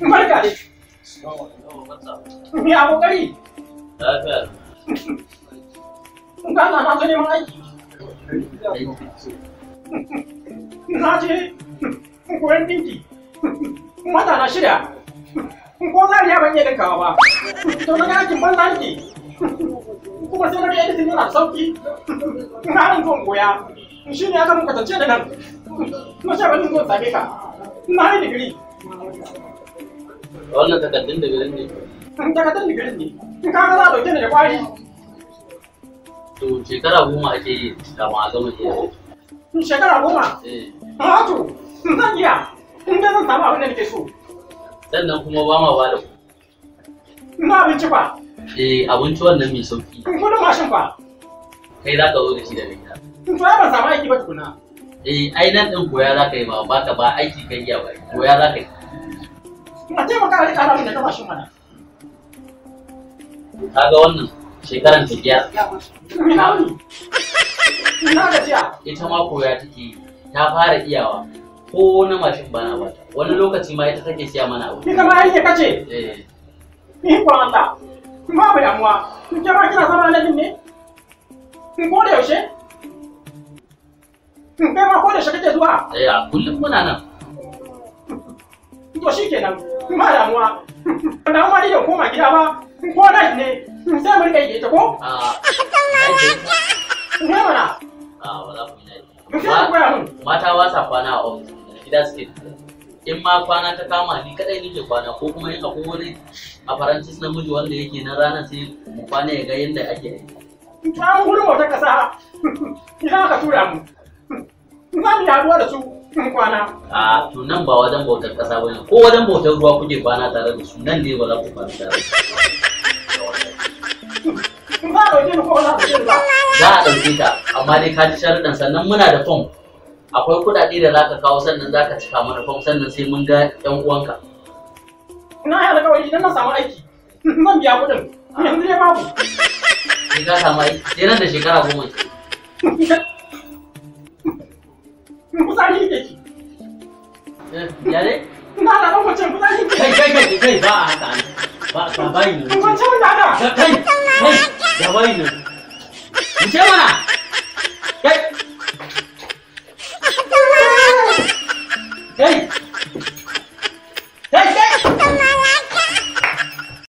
Barka dai. Ya kokari. Lafiya. Ga na na neman Na je koyon dinki. Mata na shirya. Ko za ya ban iya dinkawa ba. To na ga aikin banza nake. Kuma sai na ga editing yana sauki. Na ran zon goya. Shi ne ya zama kwatance da nan. Na sha ban zon same ka. Na yi digiri. wannan takardun da garin ne in takardun da garin ne in ka ga za a dauke ni da kwari to shekara goma ake yi kafin a gama iya shekara goma eh a ah, to zan iya in da zan samu abin da nake so sannan kuma ba ma ba da ku Ina abinci fa eh abinci wannan mai sauki kudin mashin fa kai za ka zo da shi da gida to ya ban samu aiki ba tukuna eh ai nan din koya za ka yi ba ba ka ba aiki kai iya ba koya za ka yi Kina taimaka wa rika ramin da dafa shi mana. Kaga wannan shekaran ta biyar. Ina wuni. Ina Ita mako ya take ta fara iyawa ko na mashin bana bata wani lokaci ma ita take siya mana abu. Ni kama yake kace. Eh. Ni kwan Allah. Kuma ba damuwa. Kin kira kina sama lalin ne? Kin ko da yaushe? Kin kai ma ko da shi kake zuwa? Eh, kullum muna nan. To shikenan. ma damuwa damuwa ni da koma gida ba ko nan ne sai mu rika yi ta ko ne mana A'a, ba za ku yi daɗi mata ba sa kwana a ofis gida suke in ma kwana ta kama ni kadai nake kwana ko kuma in akwai wani a farantis namiji wanda yake na rana sai mu kwana ya ga yadda ake yi ta mu gurin wata kasa ina ka tura mu Ina mu yaduwa da su kwana. A to nan ba wajen bautar kasa ne, ko wajen bautar ruwa kuke kwana tare da su nan ne ba za ku kwana tare. Za a ɗauke ta amma dai ka ji sharuɗan sannan muna da fom akwai kuɗaɗe da za ka kawo sannan za ka cika mana fom sannan sai mun ga ƴan uwanka. Na yi alƙawari idan na samu aiki zan biya kuɗin yanzu dai babu. Sai ka samu aiki sai nan da shekara goma ke. fitsari da ke. Ya ne? Ina da ɗan kwacin fitsari da ke. Kai kai kai ba a haka ba ka bayi ne. da ka. Kai kai ga bayi ne. Mu ce mana.